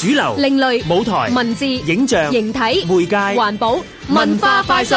主流、另類、舞台、文字、影像、形體、媒介、環保、文化、快訊。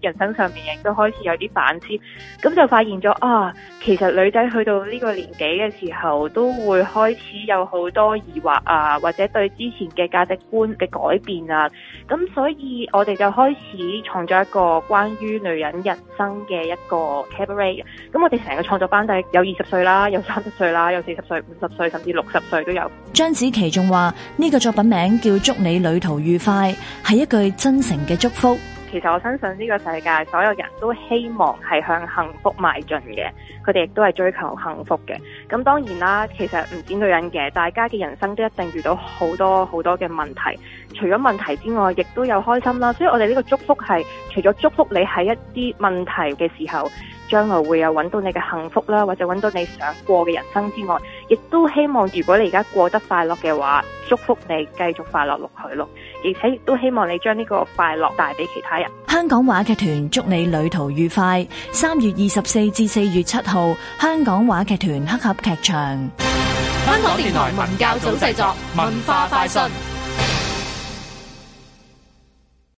人生上面亦都開始有啲反思，咁就發現咗啊，其實女仔去到呢個年紀嘅時候，都會開始有好多疑惑啊，或者對之前嘅價值觀嘅改變啊，咁所以我哋就開始創作一個關於女人人生嘅一個 cabaret。咁我哋成個創作班底有二十歲啦，有三十歲啦，有四十歲、五十歲甚至六十歲都有。張子琪仲話：呢個作品名叫《祝你旅途愉快》，係一句真誠嘅祝福。其實我相信呢個世界所有人都希望係向幸福邁進嘅，佢哋亦都係追求幸福嘅。咁當然啦，其實唔止女人嘅，大家嘅人生都一定遇到好多好多嘅問題。除咗問題之外，亦都有開心啦。所以我哋呢個祝福係除咗祝福你喺一啲問題嘅時候，將來會有揾到你嘅幸福啦，或者揾到你想過嘅人生之外，亦都希望如果你而家過得快樂嘅話，祝福你繼續快樂落去咯。而且亦都希望你將呢個快樂帶俾其他人。香港話劇團祝你旅途愉快。三月二十四至四月七號，香港話劇團黑盒劇場。香港電台文教組製作，文化快訊。